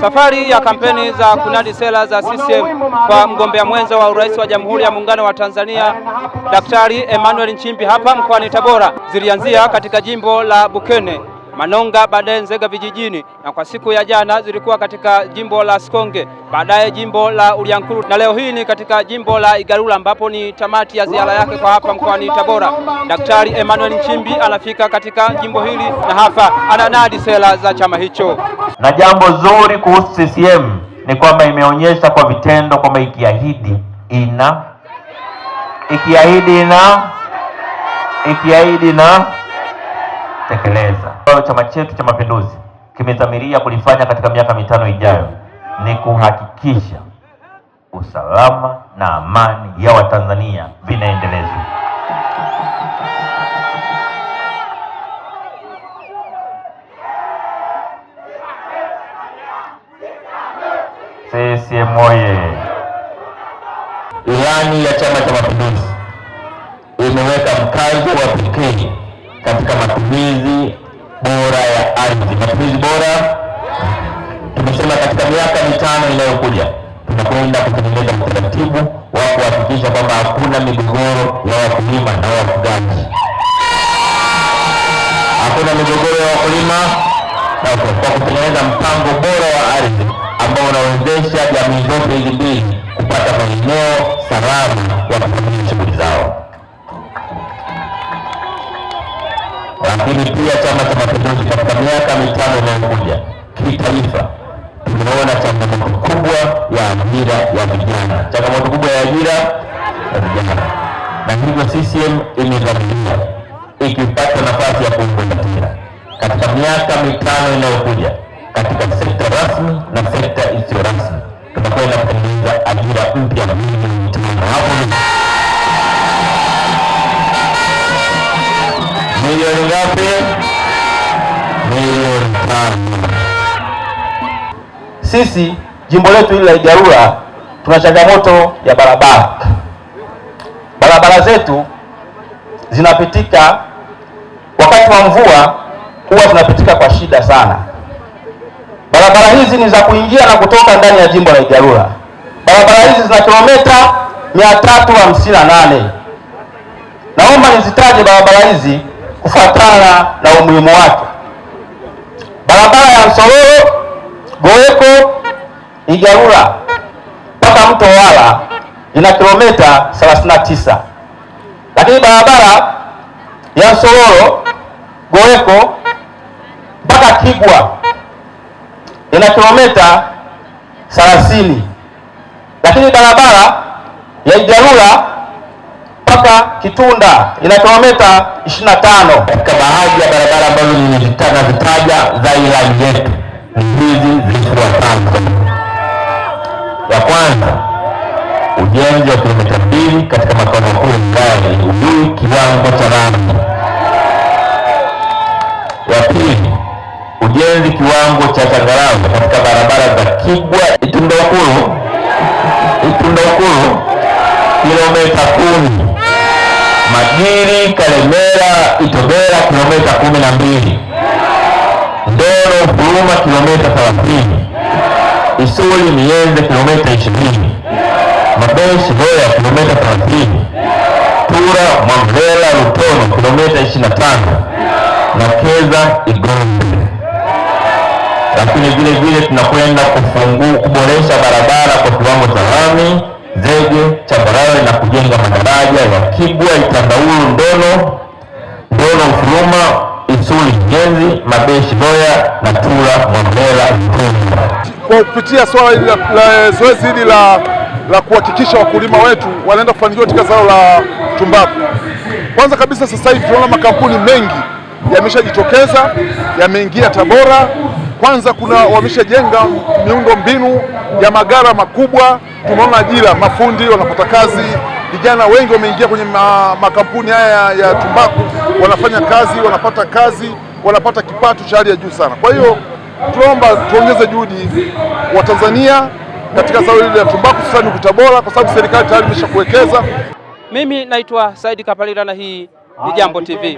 Safari ya kampeni za kunadi sera za CCM kwa mgombea mwenza wa urais wa Jamhuri ya Muungano wa Tanzania Daktari Emmanuel Nchimbi hapa mkoani Tabora zilianzia katika jimbo la Bukene. Manonga, baadaye Nzega vijijini, na kwa siku ya jana zilikuwa katika jimbo la Sikonge, baadaye jimbo la uliankuru na leo hii ni katika jimbo la Igalula, ambapo ni tamati ya ziara yake kwa hapa mkoani Tabora. Daktari Emmanuel Nchimbi anafika katika jimbo hili na hapa ananadi sera za chama hicho. Na jambo zuri kuhusu CCM ni kwamba imeonyesha kwa vitendo kwamba ikiahidi ina ikiahidi na ikiahidi na kutekeleza. chama chetu cha Mapinduzi kimedhamiria kulifanya katika miaka mitano ijayo ni kuhakikisha usalama na amani ya Watanzania vinaendelezwa. CCM oye! Ilani ya Chama cha Mapinduzi imeweka mkazo wa pekee katika matumizi bora ya ardhi. Matumizi bora tumesema katika miaka mitano inayokuja tunakwenda kutengeneza utaratibu wa kuhakikisha kwamba hakuna migogoro ya wakulima na wafugaji, hakuna migogoro ya wakulima kwa kutengeneza mpango bora wa ardhi ambao unawezesha jamii zote hizi mbili kupata maeneo salama ya kufanyia shughuli zao. lakini pia Chama cha Mapinduzi katika miaka mitano inayokuja kitaifa, tumeona changamoto kubwa ya ajira ya vijana, changamoto kubwa ya ajira ya vijana, na hivyo CCM imedhamiria ikipata nafasi ya kuungatia katika miaka mitano inayokuja katika sekta rasmi na sekta isiyo rasmi, tunakwenda kutengeneza ajira mpya milioni tano hapo milioni ngapi? Milioni tano. Sisi jimbo letu hili la Igarula tuna changamoto ya barabara. Barabara zetu zinapitika wakati wa mvua, huwa zinapitika kwa shida sana. Barabara hizi ni za kuingia na kutoka ndani ya jimbo la Igarula. Barabara hizi zina kilomita 358. Naomba nizitaje barabara hizi kufuatana na umuhimu wake. Barabara ya msororo Goeko Igarura mpaka mto Wala ina kilomita 39, lakini barabara ya msororo Goeko mpaka Kigwa ina kilomita 30, lakini barabara ya Igarura mpaka Kitunda ina kilomita 25 katika baadhi ya barabara ambazo nimezitana vitaja za ilani yetu ni hizi zifuatazo. Ya kwanza, ujenzi wa kilomita mbili katika makao makuu ya wilaya ya kiwango cha lami. Ya pili, ujenzi kiwango cha changarawe katika barabara za Kigwa Itunda Ukulu Itunda kilomita kumi Mahiri Kalemera Itobera kilomita kumi na mbili, Ndoro Huruma kilomita thelathini, Isuli Miende kilomita ishirini, Mabeshi Boya kilomita thelathini, Tura Mangela Rutoni kilomita ishirini na tano na Keza Igombe. Lakini vile vile tunakwenda kuboresha barabara kwa kiwango cha lami Zege, Chambarawe na kujenga madaraja ya Kibwa, Itandauru, Ndono, Ndono, Mfuluma, Isuli, Njenzi Mabeshi, Boya na Tura, Mwambela, Itumba. Kwa kupitia swala hili la zoezi hili la, la kuhakikisha wakulima wetu wanaenda kufanikiwa katika zao la tumbaku, kwanza kabisa sasa hivi tunaona makampuni mengi yameshajitokeza yameingia Tabora. Kwanza kuna wameshajenga miundo mbinu ya magara makubwa tumeona ajira, mafundi wanapata kazi, vijana wengi wameingia kwenye ma, makampuni haya ya tumbaku, wanafanya kazi, wanapata kazi, wanapata kipato cha hali ya juu sana. Kwa hiyo tunaomba tuongeze juhudi wa Tanzania katika zao hili la tumbaku, hususani ukuta bora, kwa sababu serikali tayari imeshakuwekeza. Mimi naitwa Saidi Kapalila na hii ni Jambo TV.